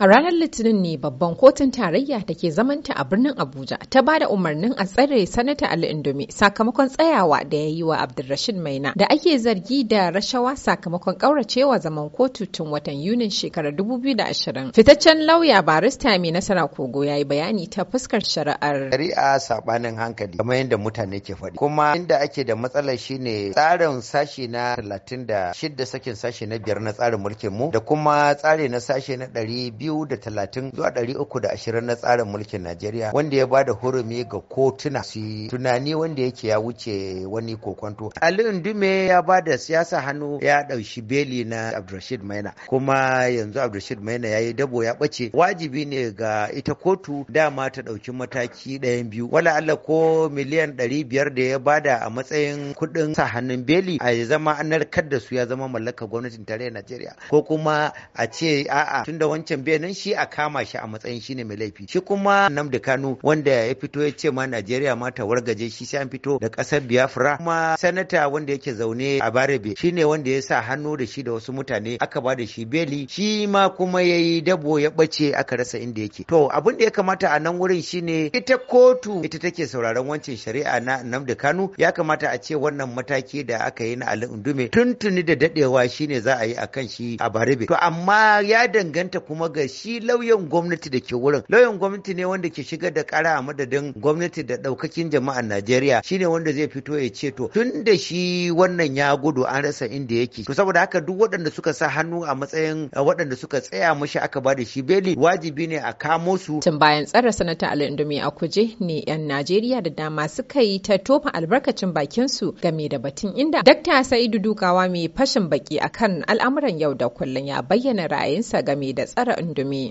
A ranar Litinin ne babban kotun tarayya da ke zamanta a birnin Abuja ta bada umarnin a tsare sanata Ali Indomi sakamakon tsayawa da ya yi wa Abdulrashid Maina da ake zargi da rashawa sakamakon kauracewa zaman kotu tun watan Yunin shekarar 2020. Fitaccen lauya barista mai nasara kogo ya yi bayani ta fuskar shari'ar. Shari'a saɓanin hankali kamar yadda mutane ke faɗi. Kuma inda ake da matsala shine tsarin sashi na 36 sakin sashi na biyar na tsarin mulkin mu da kuma tsari na sashi na 200 talatin zuwa 320 na tsarin mulkin Najeriya wanda ya bada hurumi ga kotuna su tunani wanda yake ya wuce wani kokonto. Ali Ndume ya bada siyasa hannu ya ɗaushi beli na Abdulrashid Maina kuma yanzu Abdulrashid Maina ya yi dabo ya ɓace wajibi ne ga ita kotu dama ta ɗauki mataki ɗayan biyu wala Allah ko miliyan ɗari biyar da ya bada a matsayin kuɗin sa hannun beli a zama an narkar da su ya zama mallakar gwamnatin tarayyar Najeriya ko kuma a ce a'a tunda wancan beli kenan shi a kama shi a matsayin shine mai laifi shi kuma Nnamdi Kanu wanda ya fito ya ce ma Najeriya ma ta wargaje shi sai an fito da kasar Biafra kuma sanata wanda yake zaune a Barebe shine wanda ya sa hannu da shi da wasu mutane aka ba da shi beli shi ma kuma ya yi dabo ya bace aka rasa inda yake to abin da ya kamata a nan wurin shine ita kotu ita take sauraron wancan shari'a na Nnamdi Kanu ya kamata a ce wannan mataki da aka yi na Ali Undume tuntuni da dadewa shine za a yi akan shi a Barebe to amma ya danganta kuma ga shi lauyan gwamnati da ke wurin lauyan gwamnati ne wanda ke shigar da kara a madadin gwamnati da daukakin jama'a Najeriya shine wanda zai fito ya ce to tun da shi wannan ya gudu an rasa inda yake to saboda haka duk waɗanda suka sa hannu a matsayin waɗanda suka tsaya mashi aka ba da shi beli wajibi ne a kamo su tun bayan tsara sanata Alindumi a kuje ne yan Najeriya da dama suka yi ta tofa albarkacin bakin su game da batun inda dr Sa'idu Dukawa mai fashin baki akan al'amuran yau da kullum ya bayyana ra'ayinsa game da tsare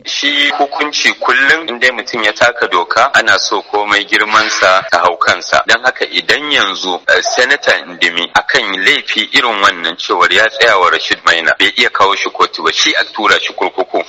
Shi hukunci kullum inda mutum ya taka doka ana so komai girmansa ta hau kansa. Don haka idan yanzu eh, Sanata Indimi akan laifi irin wannan cewar ya tsaya wa Rashid Maina bai iya kawo shi kotu ba shi a tura shi kurkuku.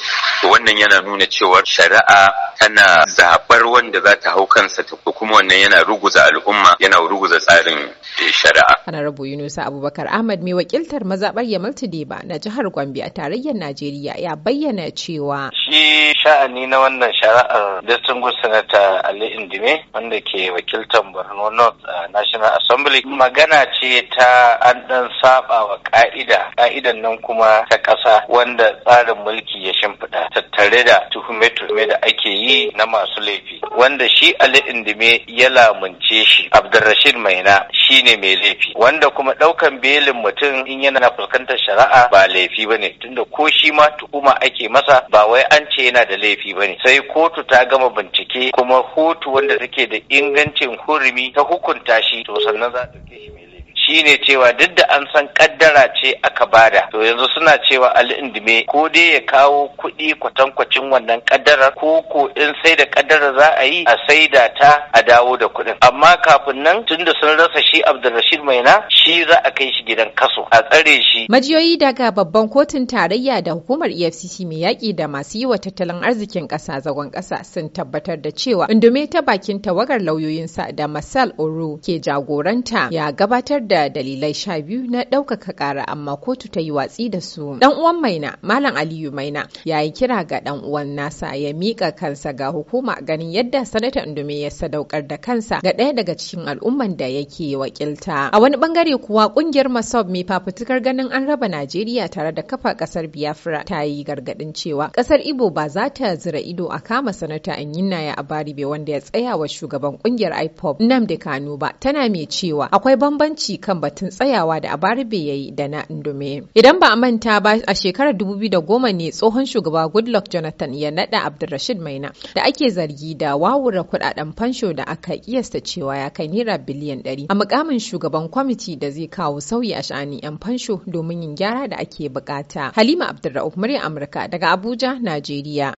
To wannan yana nuna cewar shari'a tana zaɓar wanda za ta hau kansa ta kuma wannan yana ruguza al'umma yana ruguza tsarin eh, shari'a. Ana rabu Yunusa Abubakar Ahmad mai wakiltar mazaɓar Yamal Tudeba na jihar Gombe a tarayyar Najeriya ya bayyana cewa Shi sha'ani na wannan shari'ar Distinguished Senator Ali Indime wanda ke wakiltar Borno North uh, National Assembly magana ce ta an ɗan saba wa ƙa'ida, ƙa'idan nan kuma ta ƙasa wanda tsarin mulki ya shimfiɗa tattare da tuhume-tuhume da ake yi na masu laifi wanda shi Ali Indime ya lamunce shi Abdulrashid Maina shine mai laifi wanda kuma ɗaukan belin mutum in yana fuskantar shari'a ba laifi bane tunda ko shi ma tuhuma ake masa ba wai an ce yana da laifi ba ne. sai kotu ta gama bincike kuma Hutu wanda take da ingancin hurumi ta hukunta shi to sannan za ta shi mai shine cewa duk da an san kaddara ce aka bada to yanzu suna cewa al'indime ko dai ya kawo kuɗi kwatankwacin wannan ƙaddarar ko ko in sai da kaddara za a yi a sai da ta a dawo da kuɗin amma kafin nan tunda sun rasa shi Abdulrashid Maina shi za a kai shi gidan kaso a tsare shi majiyoyi daga babban kotun tarayya da hukumar EFCC mai yaƙi da masu yi wa tattalin arzikin ƙasa zagon ƙasa sun tabbatar da cewa indume ta bakin tawagar lauyoyinsa da Masal Oru ke jagoranta ya gabatar da da dalilai sha biyu na ɗaukaka ƙara amma kotu ta yi watsi da su. Dan uwan Maina, Malam Aliyu Maina, ya yi kira ga dan uwan nasa ya miƙa kansa ga hukuma ganin yadda sanata indomie ya sadaukar da kansa ga ɗaya daga cikin al'umman da yake wakilta. A wani bangare kuwa ƙungiyar Masob mai fafutukar ganin an raba Najeriya tare da kafa ƙasar Biafra ta yi gargadin cewa ƙasar Ibo ba za ta zira ido a kama sanata in Anyinaya Abaribe wanda ya tsaya wa shugaban ƙungiyar IPOB Nnamdi Kanu ba tana mai cewa akwai bambanci kan batun tsayawa da ya yayi da na indome Idan ba a manta ba a shekarar 2010 ne tsohon shugaba Goodluck Jonathan ya nada Abdulrashid Maina da ake zargi da wawura kudaden fansho da aka kiyasta cewa ya kai naira biliyan 100 a mukamin shugaban kwamiti da zai kawo sauyi a sha'ani 'yan fansho domin yin gyara da ake bukata. Halima Abdulrauf murya Amurka daga Abuja, Najeriya.